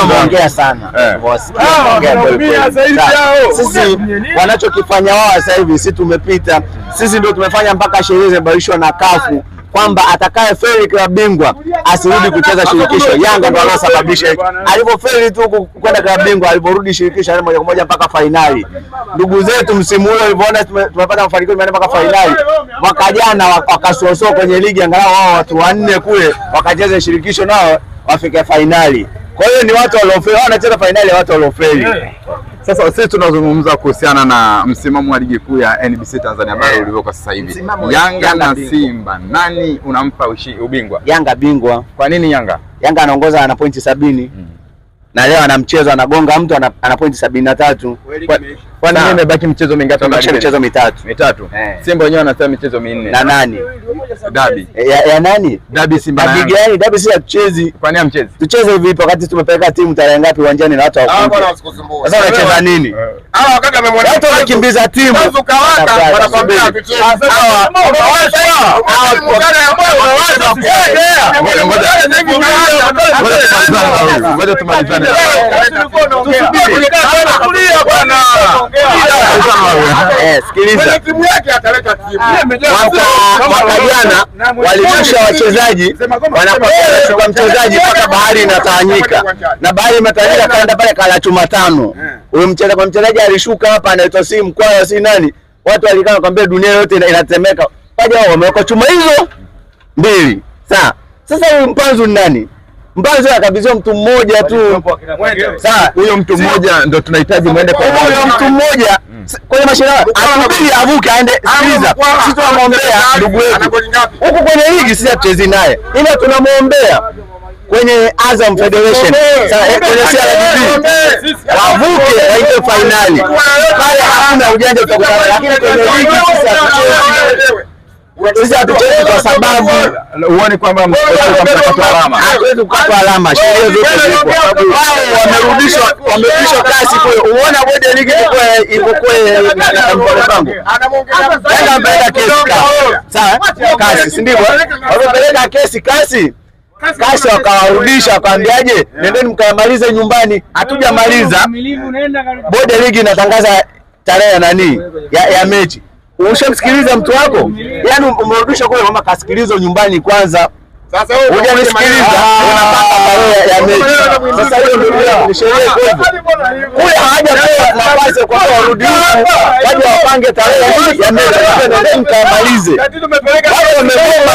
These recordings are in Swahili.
tumeongea sana eh. ah, sisi, wanachokifanya wao sasa hivi, si tumepita sisi, ndio tumefanya mpaka sheria zimebarishwa na kafu kwamba atakaye feli klabu bingwa asirudi kucheza shirikisho. Yanga ndo anaosababisha anasababisha alipofeli tu kwenda klabu bingwa, aliporudi shirikisho moja kwa moja mpaka fainali. Ndugu zetu msimu ule ulivyoona tumepata mafanikio, tumeenda mpaka fainali. Mwaka jana wakasosoa kwenye ligi, angalau wao watu wanne kule wakacheza shirikisho nao wafike fainali. Kwa hiyo ni watu waliofeli, wanacheza fainali ya watu waliofeli. Sasa sisi tunazungumza kuhusiana na msimamo wa ligi kuu ya NBC Tanzania bado ulivyo kwa sasa hivi. Yanga na Simba nani unampa ubingwa? Yanga bingwa. Kwa nini Yanga? Yanga anaongoza ana pointi sabini hmm. na leo ana mchezo anagonga mtu ana, ana pointi sabini na tatu. Kwani mimi imebaki michezo mingapi? Imebaki michezo mitatu. Mitatu. Eh. Simba wenyewe wanasema michezo minne. Na nani? Dabi. Ya, ya nani? Dabi Simba Dabi gani? Dabi si hatuchezi. Kwa nini hamchezi? Tucheze hivi hivi wakati tumepeleka timu tarehe ngapi uwanjani na watu hawako. Ah, bwana usikusumbue. Sasa unacheza nini? Hawa wakati amemwona. Watu wanakimbiza timu. Sasa ukawaka wanakwambia hatuchezi. Sasa unaweza. Hawa wakati ambayo unaweza kuongea. Ngoja ngoja. Ngoja tumalizane. Tusubiri. Kulia bwana. Eh, sikiliza, mwaka jana wachezaji wanapotea kwa mchezaji mpaka bahari inatawanyika, na bahari imetawanyika, kaenda pale kala chuma tano. Eh. Huyo mchezaji kwa mchezaji alishuka hapa, anaitwa si mkwaya si nani, watu walikaa wakamwambia dunia yote inatemeka, kaja wao wameweka chuma hizo mbili. Sasa sasa huyu mpanzu ni nani? mpaka sasa akabidhiwa mtu mmoja tu. Sasa huyo mtu mmoja ndio tunahitaji muende kwa huyo mtu mmoja mm. kwenye mashindano akubidi avuke aende. Sikiliza, sisi tunamwombea ndugu wetu huku kwenye ligi, sisi hatuchezi naye, ila tunamwombea kwenye Azam Federation eh, kwenye CRDB wavuke waende fainali pale. Hakuna ujanja utakutana, lakini kwenye ligi sisi hatuchezi sisi hatuchezi kwa sababu huoni kwamba hawezi alama, Wamerudishwa, wamerudishwa kasi Uona bodi ya ligi kasi, si ndivyo? Wamepeleka kesi kasi kasi wakawarudisha, wakaambiaje, nendeni mkayamalize nyumbani. Hatujamaliza, bodi ya ligi inatangaza tarehe ya nani ya mechi Ushamsikiliza mtu wako, yaani umrudisha kule kwamba kasikilizo nyumbani kwanza. Sasa wewe unanisikiliza, ah, unapata barua ya mechi. Sasa hiyo ndio sherehe sheria ah, kule, hawajapewa yaani nafasi kwa kwamba warudi waje wapange tarehe ya mechi mkamalize. Wao wamesema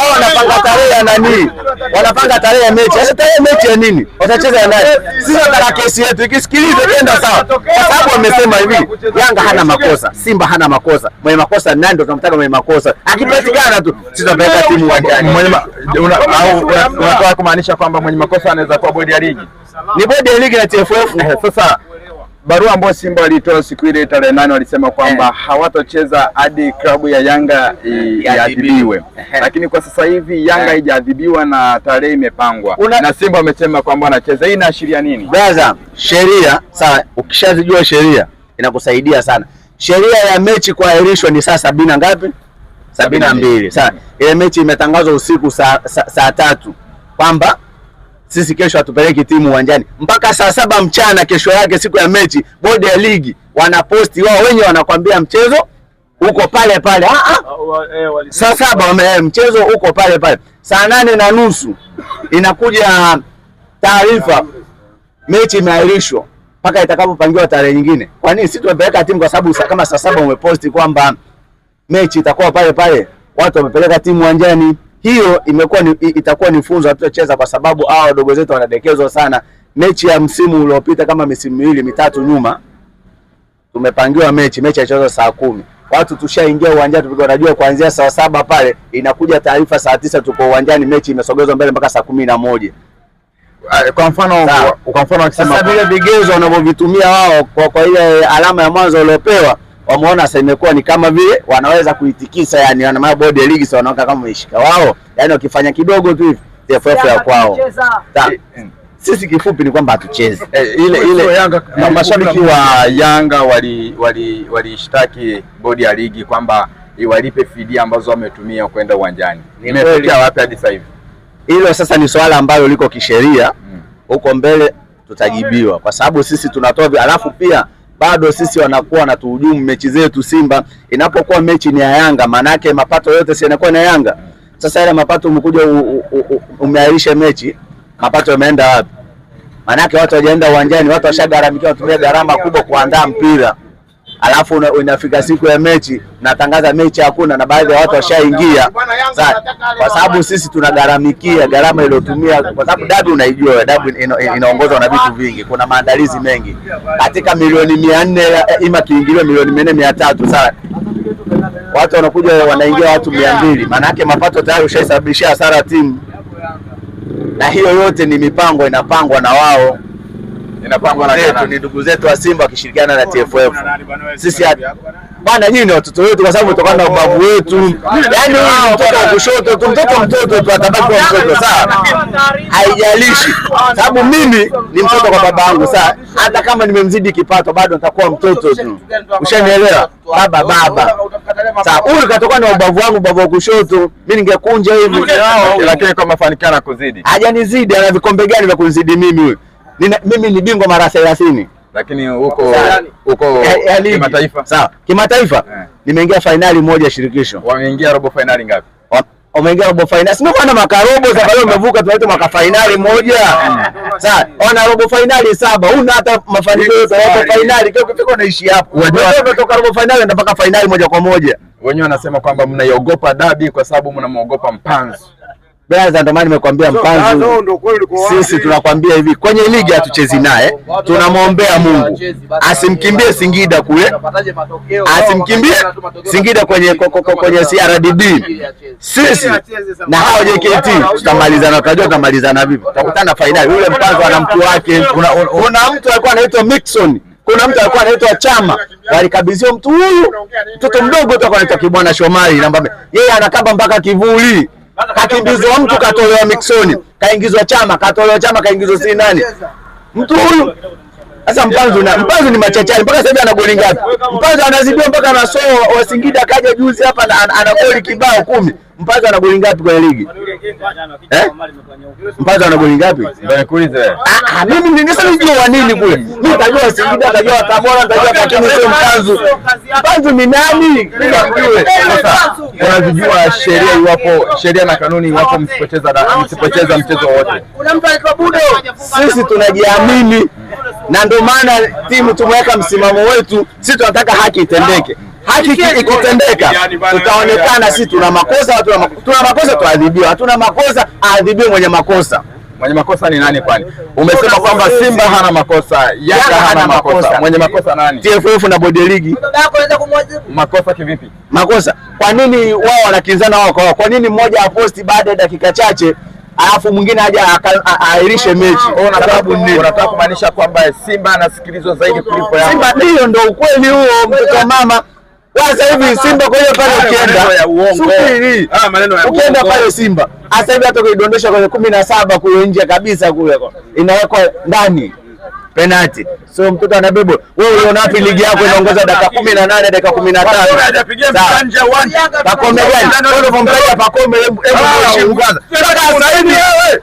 wao wanapanga tarehe ya nani, wanapanga tarehe ya mechi. Sasa yaani tarehe ya mechi ya nini? Watacheza ya nani? Sisi tunataka kesi yetu ikisikilizwe ikienda yaani sawa, kwa amesema hivi, Yanga hana makosa, Simba hana makosa. Mwenye makosa nani? Ndio tunamtaka mwenye makosa, akipatikana tu tutapeleka timu uwanjani. Unataka kumaanisha kwamba mwenye makosa anaweza kuwa bodi ya ligi? Ni bodi ya ligi na TFF. Eh, sasa barua ambayo Simba walitoa siku ile tarehe nane walisema kwamba yeah. hawatocheza hadi klabu ya Yanga eh, iadhibiwe, eh. lakini kwa sasa hivi Yanga eh. haijaadhibiwa yeah. na tarehe imepangwa Una... na Simba wamesema kwamba wanacheza. Hii inaashiria nini brother? Sheria sawa, ukishazijua sheria inakusaidia sana. Sheria ya mechi kuahirishwa ni saa sabini na ngapi? sabini na mbili. ile mechi imetangazwa usiku saa, saa, saa tatu kwamba sisi kesho hatupeleki timu uwanjani mpaka saa saba mchana kesho yake, siku ya mechi, bodi ya ligi wanaposti wao wenyewe wanakwambia mchezo uko pale pale. Ah ah, eh, saa saba eh, mchezo uko pale pale. Saa nane na nusu inakuja taarifa, mechi imeahirishwa mpaka itakapopangiwa tarehe nyingine. Kwa nini sisi tumepeleka timu? Kwa sababu kama saa saba umeposti kwamba mechi itakuwa pale pale, watu wamepeleka timu uwanjani hiyo imekuwa ni, itakuwa ni funzo hatutacheza kwa sababu hawa wadogo zetu wanadekezwa sana. Mechi ya msimu uliopita kama misimu miwili mitatu nyuma tumepangiwa mechi, mechi yachezwa saa kumi, watu tushaingia uwanjani, tunajua kuanzia saa saba pale inakuja taarifa saa tisa tuko uwanjani, mechi imesogezwa mbele mpaka saa kumi na moja. Ah, kwa mfano kwa mfano, wakisema vile vigezo wanavyovitumia wao kwa, kwa ile alama ya mwanzo waliopewa wameona sasa imekuwa ni kama vile wanaweza kuitikisa, yani wana maana bodi ya ligi sasa wanaoka kama wameishika wao, yani wakifanya kidogo tu hivi TFF ya kwao. Eh, sisi kifupi ni kwamba eh, ile ile. Yanga na mashabiki wa Yanga wali wali, walishtaki bodi ya ligi kwamba iwalipe fidia ambazo wametumia kwenda uwanjani. Nimefikia wapi hadi sasa hivi? Hilo sasa ni swala ambalo liko kisheria hmm. huko, mbele tutajibiwa kwa sababu sisi tunatoa, alafu pia bado sisi wanakuwa wanatuhujumu mechi zetu. Simba inapokuwa mechi ni ya Yanga, maanake mapato yote si yanakuwa na Yanga. Sasa yale mapato umekuja umeahirisha mechi, mapato yameenda wapi? Maanake watu wajaenda uwanjani, watu washagharamikia watumia gharama kubwa kuandaa mpira alafu unafika siku ya mechi natangaza mechi hakuna, na baadhi ya watu washaingia, kwa sababu sisi tunagharamikia gharama iliyotumia, kwa sababu dabi unaijua, dabi inaongozwa na vitu vingi, kuna maandalizi mengi katika milioni mia nne ima kiingilio milioni mia nne mia tatu watu wanakuja wanaingia watu mia mbili maana yake mapato tayari ushaisababishia hasara timu, na hiyo yote ni mipango inapangwa na wao, inapangwa na ndugu zetu wa Simba wakishirikiana na TFF sisi bana, nyinyi ni watoto wetu, kwa sababu tokana na ubavu wetu. Yani huyu mtoto wa kushoto tu, mtoto mtoto tu atabaki kwa mtoto, sawa, haijalishi sababu mimi ni mtoto kwa baba yangu. sawa. hata kama nimemzidi kipato, bado nitakuwa mtoto tu, ushanielewa? Baba baba, sawa. huyu katokana na ubavu wangu, ubavu wa kushoto, mimi ningekunja hivi, lakini kwa mafanikio na kuzidi, hajanizidi. Ana vikombe gani vya kunizidi mimi? Huyu mimi ni bingwa mara 30 lakini huko huko kimataifa sawa, kimataifa eh. nimeingia fainali moja shirikisho. Wameingia robo fainali ngapi? Wameingia robo fainali, si mbona makarobo Leo umevuka, tunaita maka fainali moja. Eh. Sasa ona robo fainali saba, huna hata mafanikio yote robo fainali, kio kifiko naishi hapo. Wewe umetoka robo fainali enda mpaka fainali moja kwa moja. Wenyewe wanasema kwamba mnaiogopa dabi kwa sababu mnamuogopa mpanzu Brother, ndo maana nimekwambia Mpanzu, sisi tunakwambia hivi, kwenye ligi hatuchezi naye, tunamwombea Mungu asimkimbie Singida kule, asimkimbie Singida kwenye kwenye CRDB. Sisi na hao JKT tutamalizana, tunajua tutamalizana vipi, tutakutana fainali. Yule Mpanzu ana mtu wake, kuna mtu alikuwa anaitwa Mixon kuna mtu alikuwa anaitwa Chama, alikabidhiwa mtu huyu, mtoto mdogo tu alikuwa anaitwa Kibwana Shomari namba, yeye anakaba mpaka kivuli kakimbizwa mtu katolewa miksoni, kaingizwa Chama, katolewa Chama, kaingizwa si nani mtu huyu. Sasa Mpanzu na Mpanzu ni machachari mpaka sasa ana goli ngapi? Mpanzu anazidiwa mpaka na soo wa Singida kaja juzi hapa ana goli kibao kumi. Mpaza ana goli ngapi kwenye ligi? Eh? Mpaza ana goli ngapi? Ndio nikuulize wewe. Ah, ah, mimi ndio nisa nijua wa nini kule. Mimi nitajua Singida, nitajua Tabora, nitajua Katini sio mtanzu. Mtanzu ni nani? Mimi najue. Sasa unazijua sheria iwapo sheria na kanuni iwapo msipocheza na msipocheza mchezo wote. Kuna mtu anaitwa Budo. Sisi tunajiamini. Na ndio maana timu tumeweka msimamo wetu, sisi tunataka haki itendeke haki ikitendeka, yaani tutaonekana sisi yaani yaani tuna makosa, tuna makosa tuadhibiwa, hatuna makosa aadhibiwe mwenye makosa. Mwenye makosa ni nani? Kwani umesema kwamba Simba hana makosa, Yanga hana makosa, mwenye makosa nani? TFF na bodi ya ligi. Makosa kivipi? Makosa kwa nini wao wanakinzana wao kwa wao? Kwa nini mmoja aposti baada ya dakika chache alafu mwingine aje aahirishe mechi? Sababu nini? Unataka kumaanisha kwamba Simba anasikilizwa zaidi kuliko Yanga? Simba, ndio ndio ukweli huo, mtoto wa mama. Sasa hivi Simba kwenye pale ukienda ukienda pale Simba sasa hivi hata kuidondosha kwenye kumi na saba kule nje kabisa kule inawekwa ndani penati So mtoto anabebwa. Wewe uliona wapi ligi yako inaongoza dakika kumi na nane dakika kumi na tano Pakome gani? Pakome, hebu ah, Sasa hivi wewe